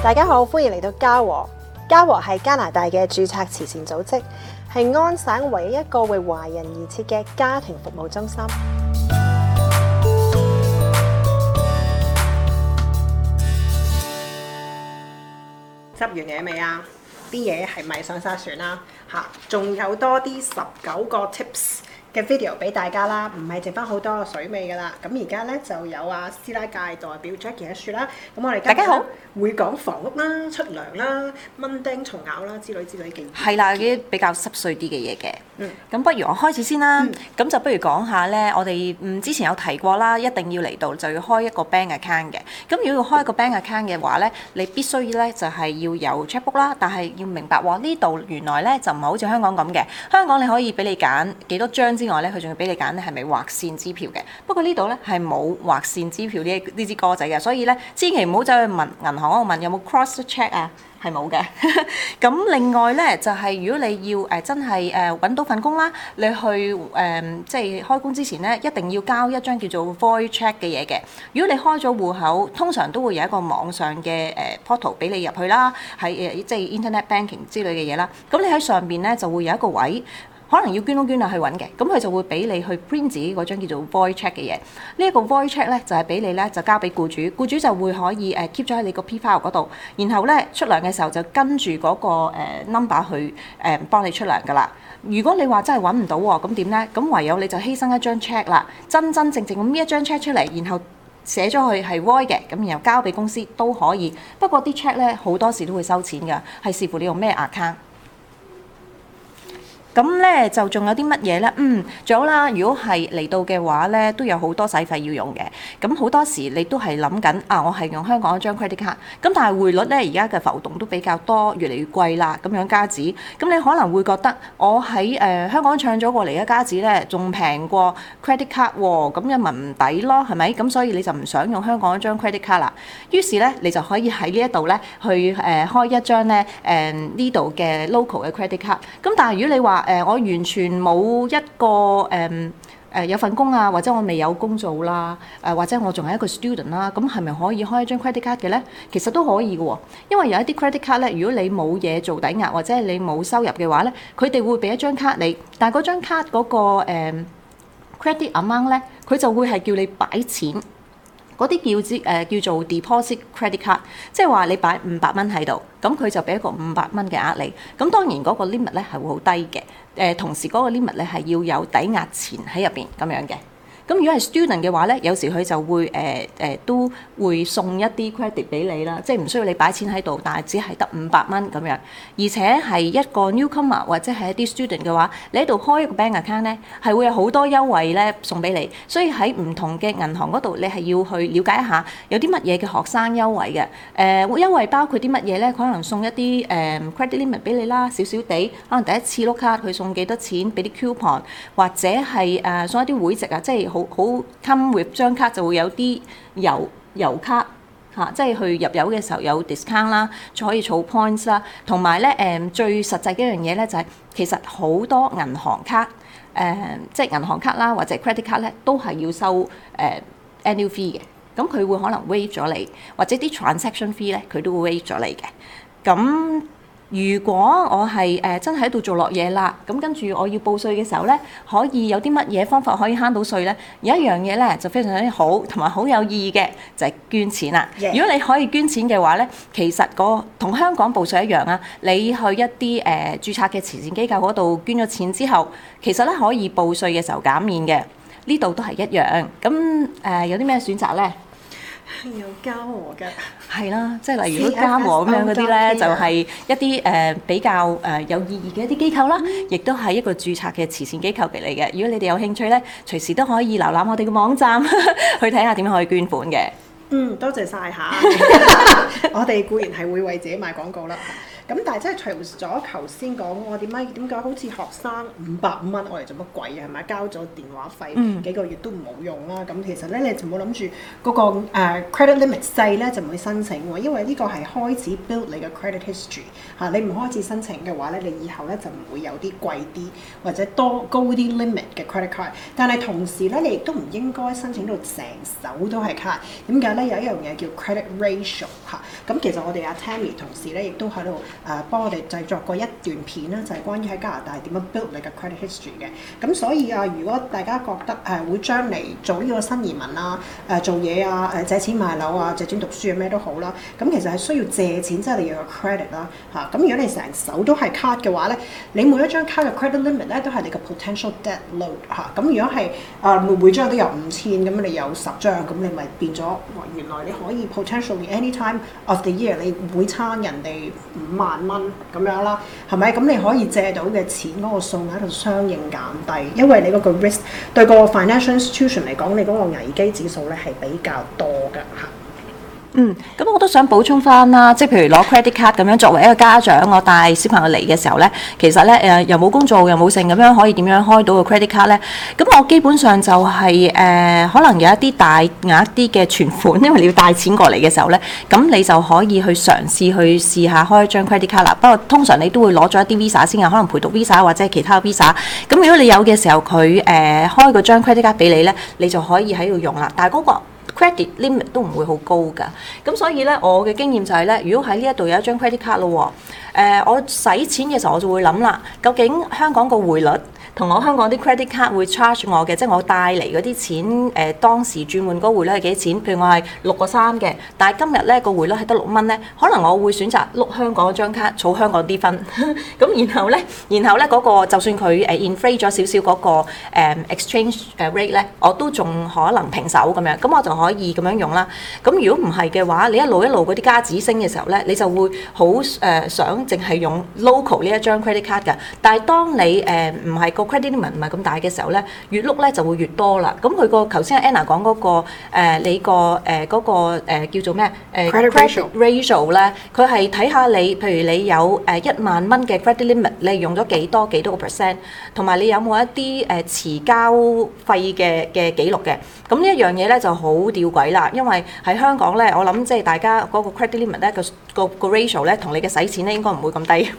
大家好，歡迎嚟到家和。家和係加拿大嘅註冊慈善組織，係安省唯一一個為華人而設嘅家庭服務中心。執完嘢未啊？啲嘢係咪上晒船啦？吓，仲有多啲十九個 tips。嘅 video 俾大家啦，唔係剩翻好多水味㗎啦。咁而家咧就有阿師奶界代表 Jackie 嘅説啦。咁我哋今日大家好，會講房屋啦、出糧啦、蚊叮蟲咬啦之類之類嘅。係啦，啲比較濕碎啲嘅嘢嘅。嗯。咁不如我開始先啦。咁、嗯、就不如講下咧，我哋嗯之前有提過啦，一定要嚟到就要開一個 bank account 嘅。咁如果要開一個 bank account 嘅話咧，你必須要咧就係要有 checkbook 啦，但係要明白喎，呢度原來咧就唔係好似香港咁嘅。香港你可以俾你揀幾多張。之外咧，佢仲要俾你揀，你係咪劃線支票嘅？不過呢度咧係冇劃線支票呢啲呢支歌仔嘅，所以咧千祈唔好走去問銀行嗰度問有冇 cross check 啊，係冇嘅。咁 另外咧就係、是、如果你要誒真係誒揾到份工啦，你去誒即係開工之前咧，一定要交一張叫做 void check 嘅嘢嘅。如果你開咗戶口，通常都會有一個網上嘅誒 portal 俾你入去啦，喺誒即係 internet banking 之類嘅嘢啦。咁你喺上邊咧就會有一個位置。可能要捐窿捐罅，去揾嘅，咁佢就會俾你去 print 自己嗰張叫做 void check 嘅嘢。這個、呢一個 void check 咧就係、是、俾你咧就交俾僱主，僱主就會可以、呃、keep 咗喺你個 p file 嗰度。然後咧出糧嘅時候就跟住嗰、那個、呃、number 去誒幫、呃、你出糧噶啦。如果你話真係揾唔到喎，咁點呢？咁唯有你就犧牲一張 check 啦，真真正正咁搣一張 check 出嚟，然後寫咗佢係 void 嘅，咁然後交俾公司都可以。不過啲 check 咧好多時都會收錢嘅，係視乎你用咩 account。咁咧就仲有啲乜嘢咧？嗯，仲有啦。如果係嚟到嘅話咧，都有好多使費要用嘅。咁好多時你都係諗緊啊，我係用香港一張 credit card。咁但係匯率咧，而家嘅浮動都比較多，越嚟越貴啦。咁樣加紙，咁你可能會覺得我喺、呃、香港唱咗過嚟嘅加紙咧，仲平過 credit card 喎。咁又問唔抵咯？係咪？咁所以你就唔想用香港一張 credit card 啦，於是咧，你就可以喺呢一度咧去、呃、開一張咧呢度嘅、呃、local 嘅 credit card。咁但係如果你話，呃、我完全冇一個、嗯呃、有份工啊，或者我未有工做啦、啊呃，或者我仲係一個 student 啦、啊，咁係咪可以開一張 credit card 嘅咧？其實都可以嘅喎、哦，因為有一啲 credit card 咧，如果你冇嘢做抵押或者係你冇收入嘅話咧，佢哋會俾一張卡你，但係嗰張卡嗰、嗰個、嗯、credit amount 咧，佢就會係叫你擺錢。嗰啲叫，叫做 deposit credit card，即係話你擺五百蚊喺度，咁佢就畀一個五百蚊嘅額你。咁當然嗰個 limit 咧係會好低嘅，誒同時嗰個 limit 咧係要有抵押錢喺入邊咁樣嘅。咁如果係 student 嘅話咧，有時佢就會誒誒、呃呃、都會送一啲 credit 俾你啦，即係唔需要你擺錢喺度，但係只係得五百蚊咁樣。而且係一個 newcomer 或者係一啲 student 嘅話，你喺度開一個 bank account 咧，係會有好多優惠咧送俾你。所以喺唔同嘅銀行嗰度，你係要去了解一下有啲乜嘢嘅學生優惠嘅。誒、呃，優惠包括啲乜嘢咧？可能送一啲誒、呃、credit limit 俾你啦，少少地，可能第一次碌卡佢送幾多錢，俾啲 coupon 或者係誒、呃、送一啲會籍啊，即係。好 come with 張卡就會有啲油油卡吓、啊，即係去入油嘅時候有 discount 啦，就可以儲 points 啦、啊，同埋咧誒最實際嘅一樣嘢咧就係、是、其實好多銀行卡誒、嗯，即係銀行卡啦或者 credit card 咧都係要收誒 annual、嗯、fee 嘅，咁、嗯、佢會可能 waive 咗你，或者啲 transaction fee 咧佢都會 waive 咗你嘅，咁、嗯。如果我係誒、呃、真係喺度做落嘢啦，咁跟住我要報稅嘅時候呢，可以有啲乜嘢方法可以慳到稅呢？有一樣嘢呢，就非常之好，同埋好有意義嘅，就係、是、捐錢啦。Yeah. 如果你可以捐錢嘅話呢，其實、個同香港報稅一樣啊，你去一啲誒、呃、註冊嘅慈善機構嗰度捐咗錢之後，其實呢可以報稅嘅時候減免嘅。呢度都係一樣。咁誒、呃、有啲咩選擇呢？有交和嘅，係啦，即係例如嗰嘉禾咁樣嗰啲咧，就係一啲誒比較誒有意義嘅一啲機構啦，亦都係一個註冊嘅慈善機構俾你嘅。如果你哋有興趣咧，隨時都可以瀏覽我哋嘅網站 去睇下點樣可以捐款嘅。嗯，多謝晒吓， 我哋固然係會為自己賣廣告啦。咁但係即係除咗頭先講，我點解點解好似學生五百五蚊我嚟做乜鬼啊？係咪交咗電話費幾個月都唔好用啦？咁、嗯、其實咧你就冇諗住嗰個、uh, credit limit 細咧就唔會申請喎，因為呢個係開始 build 你嘅 credit history、啊、你唔開始申請嘅話咧，你以後咧就唔會有啲貴啲或者多高啲 limit 嘅 credit card。但係同時咧，你亦都唔應該申請到成手都係 card。點解咧？有一樣嘢叫 credit ratio 咁、啊啊、其實我哋阿、啊、Tammy 同事咧亦都喺度。誒、啊、幫我哋製作過一段片啦，就係、是、關於喺加拿大點樣 build 你嘅 credit history 嘅。咁所以啊，如果大家覺得誒、啊、會將嚟做呢個新移民啦、誒做嘢啊、誒、啊啊、借錢買樓啊、借錢讀書咩都好啦、啊，咁其實係需要借錢，即、就、係、是、你要有 credit 啦、啊、嚇。咁、啊、如果你成手都係 card 嘅話咧，你每一張 card 嘅 credit limit 咧都係你嘅 potential debt load 嚇、啊。咁、啊、如果係誒、啊、每每張都有五千，咁你有十張，咁你咪變咗原來你可以 potentially anytime of the year 你會差人哋五萬萬蚊咁樣啦，係咪？咁你可以借到嘅錢嗰個數額就相應減低，因為你嗰個 risk 對個 financial institution 嚟講，你嗰個危機指數咧係比較多㗎吓。嗯，咁我都想補充翻啦，即係譬如攞 credit card 咁樣，作為一個家長，我帶小朋友嚟嘅時候咧，其實咧誒又冇工作又冇剩咁樣，可以點樣開到個 credit card 咧？咁我基本上就係、誒呃、可能有一啲大額啲嘅存款，因為你要帶錢過嚟嘅時候咧，咁你就可以去嘗試去試一下開一張 credit card 啦。不過通常你都會攞咗一啲 Visa 先啊，可能陪讀 Visa 或者其他 Visa。咁如果你有嘅時候，佢誒、呃、開個張 credit card 俾你咧，你就可以喺度用啦。但係嗰個 Credit limit 都唔會好高㗎，咁所以呢，我嘅經驗就係咧，如果喺呢度有一張 credit card 咯，誒、呃，我使錢嘅時候我就會諗啦，究竟香港個匯率同我香港啲 credit card 會 charge 我嘅，即係我帶嚟嗰啲錢，誒、呃、當時轉換嗰個匯率係幾多錢，譬如我係六個三嘅，但係今日咧個匯率係得六蚊咧，可能我會選擇碌香港嗰張卡，儲香港啲分。咁然後咧，然後咧嗰、那個就算佢誒 inflated 咗少少嗰個誒 exchange 誒 rate 咧，我都仲可能平手咁樣，咁我就可以咁樣用啦。咁如果唔係嘅話，你一路一路嗰啲加子升嘅時候咧，你就會好誒、呃、想淨係用 local 呢一張 credit card 㗎。但係當你誒唔係個。呃 credit limit 唔係咁大嘅時候咧，越碌咧就會越多啦。咁佢個頭先 Anna 講嗰個誒，你個誒嗰個誒叫做咩誒 credit ratio 咧，佢係睇下你，譬如你有誒一萬蚊嘅 credit limit，你用咗幾多幾多個 percent，同埋你有冇一啲誒遲交費嘅嘅記錄嘅。咁呢一樣嘢咧就好吊詭啦，因為喺香港咧，我諗即係大家嗰個 credit limit 咧，個個個 ratio 咧同你嘅使錢咧應該唔會咁低，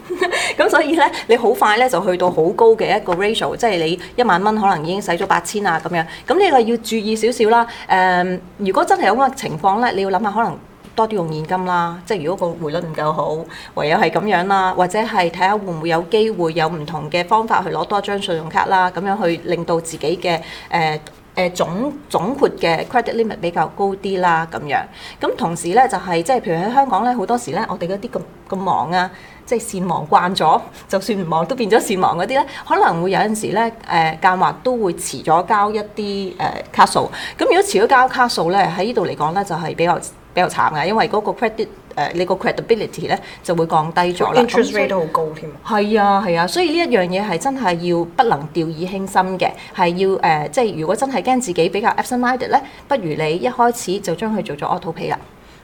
咁所以咧你好快咧就去到好高嘅一個 ratio。即係你一萬蚊可能已經使咗八千啊咁樣，咁你話要注意少少啦。誒、呃，如果真係有咁嘅情況咧，你要諗下可能多啲用現金啦。即係如果個匯率唔夠好，唯有係咁樣啦，或者係睇下會唔會有機會有唔同嘅方法去攞多張信用卡啦，咁樣去令到自己嘅誒誒總總括嘅 credit limit 比較高啲啦咁樣。咁同時咧就係、是、即係譬如喺香港咧好多時咧，我哋嗰啲咁咁忙啊。即係善忘慣咗，就算唔忘都變咗善忘嗰啲咧，可能會有陣時咧，誒間或都會遲咗交一啲誒、呃、卡數。咁如果遲咗交卡數咧，喺呢度嚟講咧就係、是、比較比較慘㗎，因為嗰個 credit 誒、呃、你個 credibility 咧就會降低咗啦。Interest rate 都好高添。係啊係啊，所以呢一樣嘢係真係要不能掉以輕心嘅，係要誒、呃、即係如果真係驚自己比較 absent minded 咧，不如你一開始就將佢做咗 auto pay。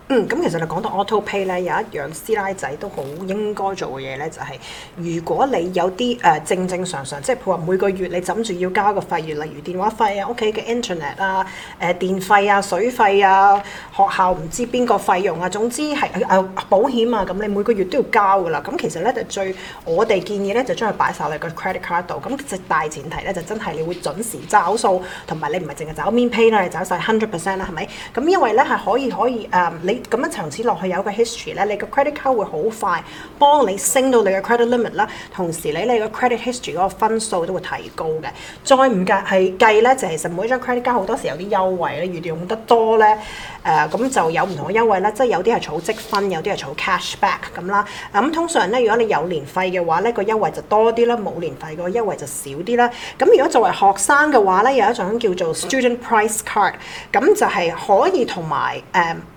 嗯，咁其實你講到 auto pay 咧，有一樣師奶仔都好應該做嘅嘢咧，就係、是、如果你有啲誒、呃、正正常常，即係譬如話每個月你枕住要交個費，例如電話費啊、屋企嘅 internet 啊、誒、呃、電費啊、水費啊、學校唔知邊個費用啊，總之係誒、呃、保險啊，咁你每個月都要交噶啦。咁其實咧就最我哋建議咧就將佢擺晒喺個 credit card 度。咁即係大前提咧就真係你會準時找數，同埋你唔係淨係找 min pay 啦，你找晒 hundred percent 啦，係咪？咁因為咧係可以可以誒你。咁樣層次落去有個 history 咧，你個 credit card 會好快幫你升到你嘅 credit limit 啦，同時你你個 credit history 嗰個分數都會提高嘅。再唔計係計咧，就係、其實每張 credit card 好多時有啲優惠咧，越，越用得多咧，誒、呃、咁就有唔同嘅優惠啦。即係有啲係儲積分，有啲係儲 cash back 咁啦。咁、嗯、通常咧，如果你有年費嘅話咧，個優惠就多啲啦；冇年費個優惠就少啲啦。咁、嗯、如果作為學生嘅話咧，有一種叫做 student price card，咁就係可以同埋、呃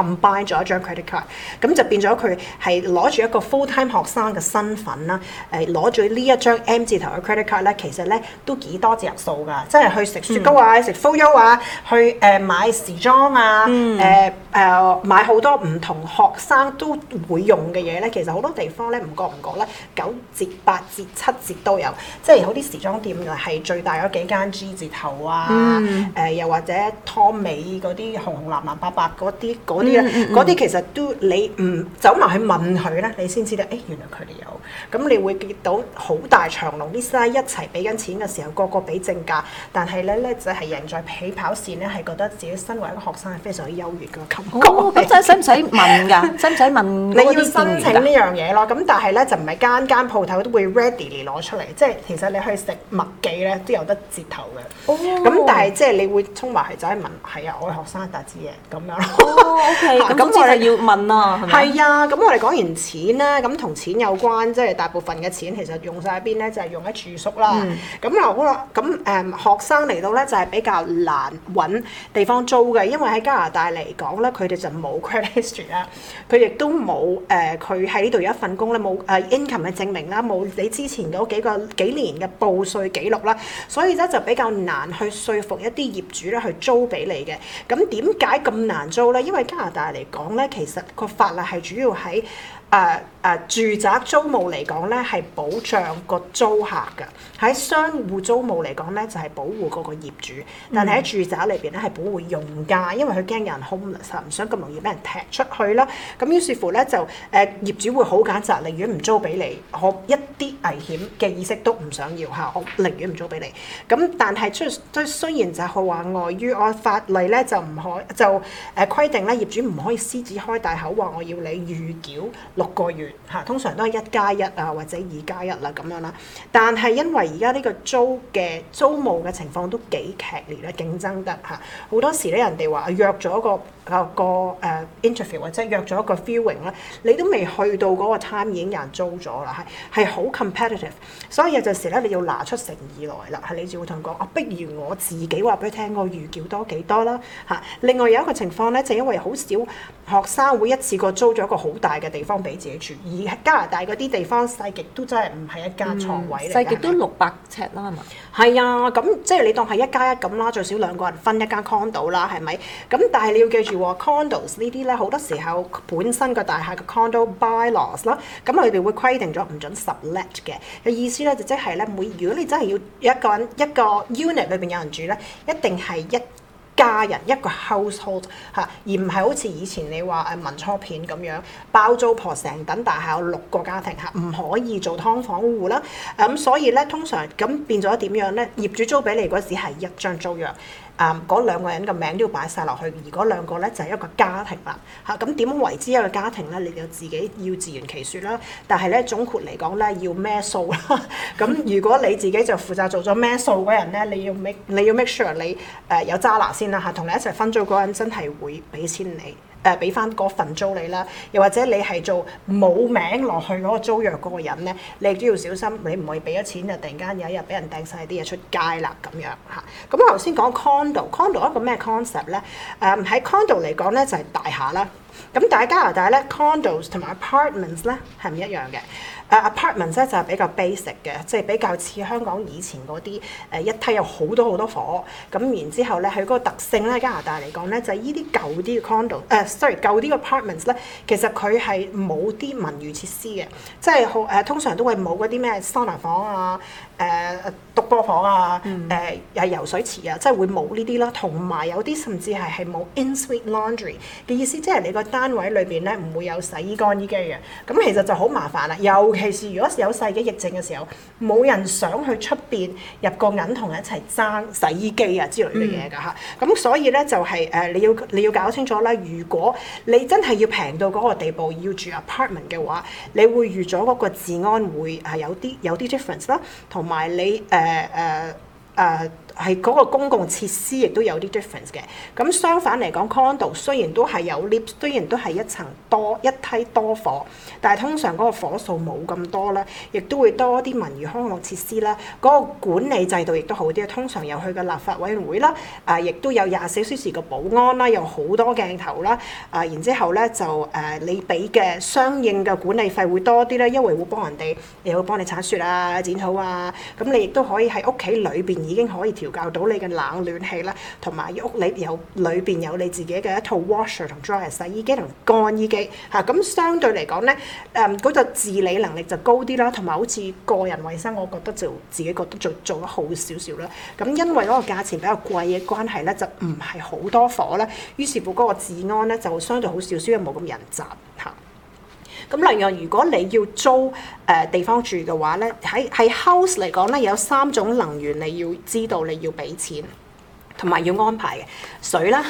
combine 咗一張 credit card，咁就變咗佢係攞住一個 full time 學生嘅身份啦。誒、啊，攞住呢一張 M 字頭嘅 credit card 咧，其實咧都幾多隻數㗎，即係去食雪糕啊、嗯、食 full you 啊、去誒、呃、買時裝啊、誒、嗯、誒、呃呃、買好多唔同學生都會用嘅嘢咧。其實好多地方咧唔覺唔覺咧，九折、八折、七折都有。即係好啲時裝店係最大嗰幾間 G 字頭啊，誒、嗯呃、又或者 Tommy 嗰啲紅紅藍藍白白嗰啲嗰、嗯、啲、嗯嗯、其實都你唔走埋去問佢咧，你先知道誒、哎，原來佢哋有咁，那你會見到好大長龍啲師奶一齊俾緊錢嘅時候，個個俾正價，但係咧咧就係、是、贏在起跑線咧，係覺得自己身為一個學生係非常之優越嘅感覺。咁、哦、真使唔使問㗎？使唔使問？你要申請這樣 呢樣嘢咯。咁但係咧就唔係間間鋪頭都會 ready 攞出嚟，即係其實你去食麥記咧都有得折頭嘅。哦。咁但係即係你會衝埋係走喺問係啊，我學生特志嘢咁樣。哦 OK，咁我哋要問啊，係啊，咁我哋講完錢咧，咁同錢有關，即係大部分嘅錢其實用晒喺邊咧，就係用喺住宿啦。咁、嗯、又好啦，咁誒、嗯、學生嚟到咧就係比較難揾地方租嘅，因為喺加拿大嚟講咧，佢哋就冇 credit history 啦，佢亦都冇誒，佢喺呢度有一份工咧，冇誒 income 嘅證明啦，冇你之前嗰幾個幾年嘅報稅記錄啦，所以咧就比較難去說服一啲業主咧去租俾你嘅。咁點解咁難租咧？因為加拿大嚟講咧，其實個法律係主要喺誒。呃誒住宅租務嚟講咧，係保障個租客㗎；喺商戶租務嚟講咧，就係、是、保護嗰個業主。但係喺住宅裏邊咧，係保護用家，因為佢驚人 homeless，唔想咁容易俾人踢出去啦。咁於是乎咧，就誒、呃、業主會好揀擇，寧願唔租俾你，我一啲危險嘅意識都唔想要嚇，我寧願唔租俾你。咁但係出雖然就係話礙於按法例咧，就唔可就誒、呃、規定咧，業主唔可以獅子開大口話我要你預繳六個月。嚇，通常都係一加一啊，或者二加一啦咁樣啦。但係因為而家呢個租嘅租務嘅情況都幾劇烈咧，競爭得嚇。好多時咧，人哋話約咗一個個誒 interview 或者約咗一個 viewing 咧，你都未去到嗰個 time 已經有人租咗啦，係係好 competitive。所以有陣時咧，你要拿出誠意來啦，係你先會同佢講。啊，不如我自己話俾你聽，我預繳多幾多啦嚇、啊。另外有一個情況咧，就是、因為好少學生會一次過租咗一個好大嘅地方俾自己住。而喺加拿大嗰啲地方，細極都真係唔係一間床位嚟，細、嗯、極都六百尺啦，係咪？係啊，咁即係你當係一加一咁啦，最少兩個人分一間 condo 啦，係咪？咁但係你要記住、哦、condos 呢啲咧好多時候本身個大廈嘅 condo bylaws 啦，咁佢哋會規定咗唔准 sublet 嘅。嘅意思咧就即係咧，每如果你真係要一個人一個 unit 裏邊有人住咧，一定係一。家人一個 household 嚇，而唔係好似以前你話誒民初片咁樣包租婆成棟大廈，係有六個家庭嚇，唔可以做劏房戶啦。咁、嗯、所以咧，通常咁變咗點樣咧？業主租俾你嗰時係一張租約。誒、um, 嗰兩個人嘅名都要擺晒落去，而嗰兩個咧就係、是、一個家庭啦嚇。咁點為之一個家庭咧？你就自己要自圓其説啦。但係咧總括嚟講咧，要孭數啦。咁、啊、如果你自己就負責做咗孭數嗰人咧，你要 make 你要 make sure 你誒有揸拿先啦嚇。同、啊、你一齊分組嗰人真係會俾錢你。誒俾翻嗰份租你啦，又或者你係做冇名落去嗰個租約嗰個人咧，你都要小心你會，你唔可以俾咗錢就突然間有一日俾人掟晒啲嘢出街啦咁樣嚇。咁、啊、我頭、嗯、先講 condo，condo 一個咩 concept 咧？誒、嗯、喺 condo 嚟講咧就係、是、大廈啦。咁但係加拿大咧 condos 同埋 apartments 咧係唔一樣嘅。Uh, apartments 咧就係比較 basic 嘅，即係比較似香港以前嗰啲誒一梯有好多好多房咁，然之後咧佢嗰個特性咧，加拿大嚟講咧就係依啲舊啲嘅 condo 誒、uh, sorry 舊啲嘅 apartments 咧，其實佢係冇啲文娛設施嘅，即係好誒通常都會冇嗰啲咩桑拿房啊、誒篤波房啊、誒、mm. 又、啊、游水池啊，即係會冇呢啲啦。同埋有啲甚至係係冇 in-suite laundry 嘅意思，即係你個單位裏邊咧唔會有洗衣乾衣機嘅。咁其實就好麻煩啦，尤其實，如果有細嘅疫症嘅時候，冇人想去出邊入個銀同佢一齊爭洗衣機啊之類嘅嘢㗎嚇。咁、嗯、所以咧就係、是、誒、呃，你要你要搞清楚啦。如果你真係要平到嗰個地步，要住 apartment 嘅話，你會預咗嗰個治安會係、啊、有啲有啲 difference 啦。同埋你誒誒誒。呃呃呃係嗰個公共設施亦都有啲 difference 嘅。咁相反嚟講，condo 雖然都係有 lift，雖然都係一層多一梯多房，但係通常嗰個房數冇咁多啦，亦都會多啲文娛康樂設施啦。嗰個管理制度亦都好啲，通常有佢嘅立法委員會啦，誒、啊，亦都有廿四小時嘅保安啦，有好多鏡頭啦，誒、啊，然之後咧就誒、啊，你俾嘅相應嘅管理費會多啲啦，因為會幫人哋，又會幫你鏟雪啊、剪草啊，咁你亦都可以喺屋企裏邊已經可以。調教到你嘅冷暖氣啦，同埋屋裏有裏邊有你自己嘅一套 washer 同 dryer 洗衣機同乾衣機嚇，咁、啊、相對嚟講咧，誒、嗯、嗰、那個自理能力就高啲啦，同埋好似個人衞生，我覺得就自己覺得就做做得好少少啦。咁、啊、因為嗰個價錢比較貴嘅關係咧，就唔係好多火啦，於是乎嗰個治安咧就相對好少少，又冇咁人雜嚇。啊。咁另外，如果你要租誒、呃、地方住嘅話咧，喺喺 house 嚟講咧，有三種能源你要知道，你要俾錢同埋要安排嘅水啦。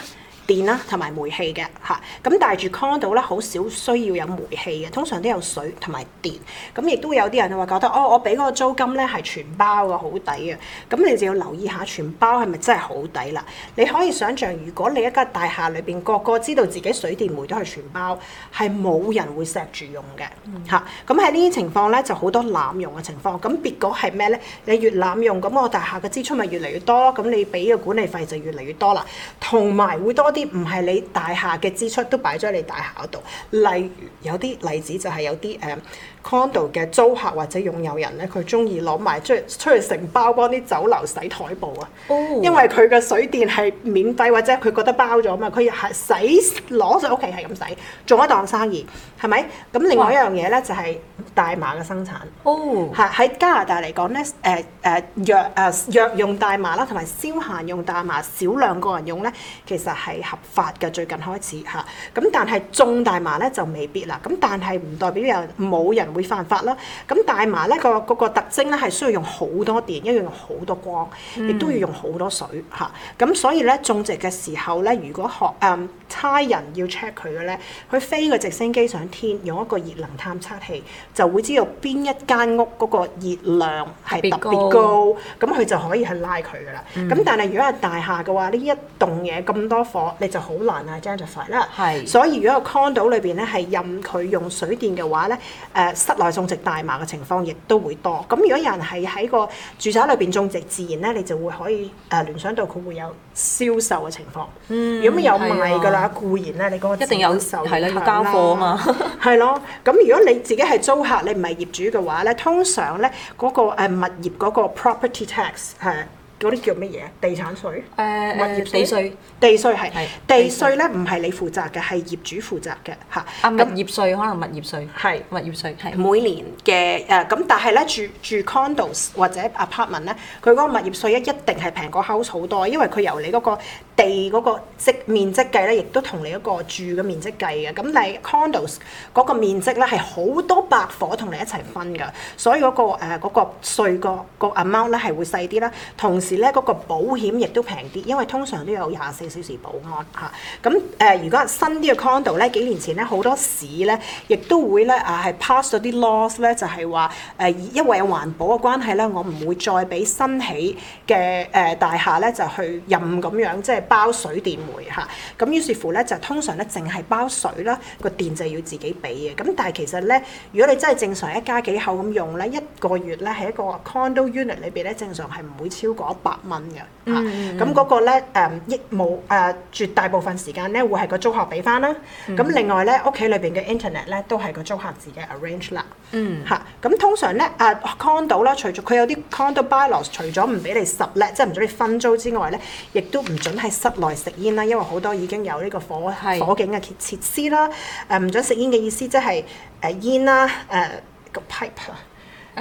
電啦同埋煤氣嘅嚇，咁大住 condo 咧好少需要有煤氣嘅，通常都有水同埋電，咁亦都有啲人話覺得哦，我俾嗰個租金咧係全包嘅，好抵啊！咁你就要留意下全包係咪真係好抵啦？你可以想象，如果你一家大廈裏邊個個知道自己水電煤都係全包，係冇人會錫住用嘅嚇。咁喺呢啲情況咧就好多濫用嘅情況，咁結果係咩咧？你越濫用，咁我大廈嘅支出咪越嚟越多，咁你俾嘅管理費就越嚟越多啦，同埋會多啲。唔係你大廈嘅支出都擺咗喺你大廈度，例如有啲例子就係有啲誒、uh, condo 嘅租客或者擁有人咧，佢中意攞埋出去出去承包幫啲酒樓洗台布啊，oh. 因為佢嘅水電係免費或者佢覺得包咗啊嘛，佢係洗攞上屋企係咁洗，做一檔生意，係咪？咁另外一樣嘢咧就係、是、大麻嘅生產，嚇、oh. 喺加拿大嚟講咧誒誒藥誒藥用大麻啦，同埋消閒用大麻少量個人用咧，其實係。合法嘅最近開始嚇，咁但係種大麻咧就未必啦。咁但係唔代表又冇人會犯法啦。咁大麻咧、個嗰個、嗰個特徵咧係需要用好多電，因為用好多光，亦、嗯、都要用好多水嚇。咁、啊、所以咧種植嘅時候咧，如果學誒差人要 check 佢嘅咧，佢飛個直升機上天，用一個熱能探測器就會知道邊一間屋嗰個熱量係特別高，咁佢就可以去拉佢噶啦。咁、嗯、但係如果係大廈嘅話，呢一棟嘢咁多火。你就好難係 gentrify 啦，所以如果個 condo 裏邊咧係任佢用水電嘅話咧，誒室內種植大麻嘅情況亦都會多、嗯。咁如果有人係喺個住宅裏邊種植，自然咧你就會可以誒聯想到佢會有銷售嘅情況。嗯，如果有賣噶啦，啊、固然咧你嗰個騰騰一定有售，係啦、啊，要交貨嘛 啊嘛。係咯，咁如果你自己係租客，你唔係業主嘅話咧，通常咧嗰個物業嗰個 property tax 係。嗰啲叫乜嘢？地產稅？誒、uh, uh,，物業地稅。地稅係，地稅咧唔係你負責嘅，係業主負責嘅嚇、啊。物業稅可能物業稅？物業稅係物業稅係。每年嘅誒咁，但係咧住住 condos 或者 apartment 咧，佢嗰個物業稅一一定係平過 house 好多，因為佢由你嗰、嗰個。地嗰個積面積計咧，亦都同你嗰個住嘅面積計嘅。咁你 condos 嗰個面積咧係好多百夥同你一齊分㗎，所以嗰、那個誒、呃那個稅個、那個 amount 咧係會細啲啦。同時咧嗰、那個保險亦都平啲，因為通常都有廿四小時保安吓。咁、啊、誒、呃，如果新啲嘅 condo 咧，幾年前咧好多市咧，亦都會咧啊係 pass 咗啲 laws 咧，laws，就係話誒，因為有環保嘅關係咧，我唔會再俾新起嘅誒、呃、大廈咧就去任咁樣、嗯、即係。包水電煤嚇，咁於是乎咧就通常咧淨係包水啦，個電就要自己俾嘅。咁但係其實咧，如果你真係正常一家幾口咁用咧，一個月咧喺一個 condo unit 裏邊咧，正常係唔會超過一百蚊嘅嚇。咁、嗰個咧、mm-hmm. 啊、誒亦冇誒絕大部分時間咧會係個租客俾翻啦。咁、mm-hmm. 啊、另外咧屋企裏邊嘅 internet 咧都係個租客自己 arrange 啦。嗯、嚇、mm-hmm. 啊，咁通常咧誒、啊、condo 啦，它 condo loss, 除咗佢有啲 condo bylaws 除咗唔俾你 split 即係唔準你分租之外咧，亦都唔準係。室內食煙啦，因為好多已經有呢個火火警嘅設施啦。誒、呃、唔準食煙嘅意思即係誒、呃、煙啦、啊，誒、呃這個 pipe。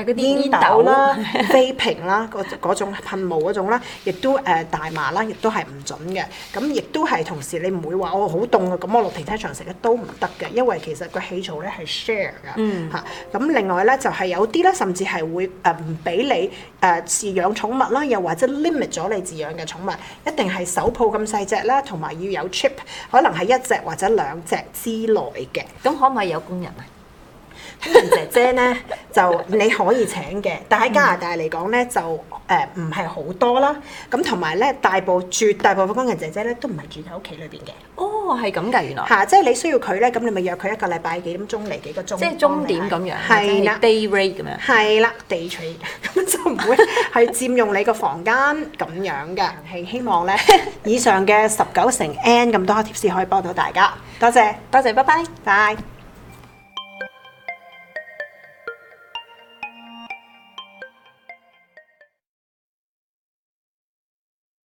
煙斗啦、 飛瓶啦、嗰嗰種噴霧嗰種咧，亦都誒、呃、大麻啦，亦都係唔準嘅。咁亦都係同時你不會說，你唔會話我好凍嘅，咁我落停車場食咧都唔得嘅，因為其實個氣槽咧係 share 噶嚇。咁、嗯啊、另外咧就係、是、有啲咧，甚至係會誒唔俾你誒飼、呃、養寵物啦，又或者 limit 咗你飼養嘅寵物，一定係手抱咁細隻啦，同埋要有 chip，可能係一隻或者兩隻之內嘅。咁可唔可以有工人啊？工 人姐姐咧就你可以請嘅，但喺加拿大嚟講咧就誒唔係好多啦。咁同埋咧大部絕大部分工人姐姐咧都唔係住喺屋企裏邊嘅。哦，係咁㗎，原來吓，即、啊、係、就是、你需要佢咧，咁你咪約佢一個禮拜幾點鐘嚟幾個鐘，即係鐘點咁樣，係啦、就是，day rate 咁 樣，係啦，day rate 咁就唔會咧係佔用你個房間咁 樣嘅。係希望咧，以上嘅十九成 n 咁多貼士可以幫到大家。多謝，多謝，拜拜，bye。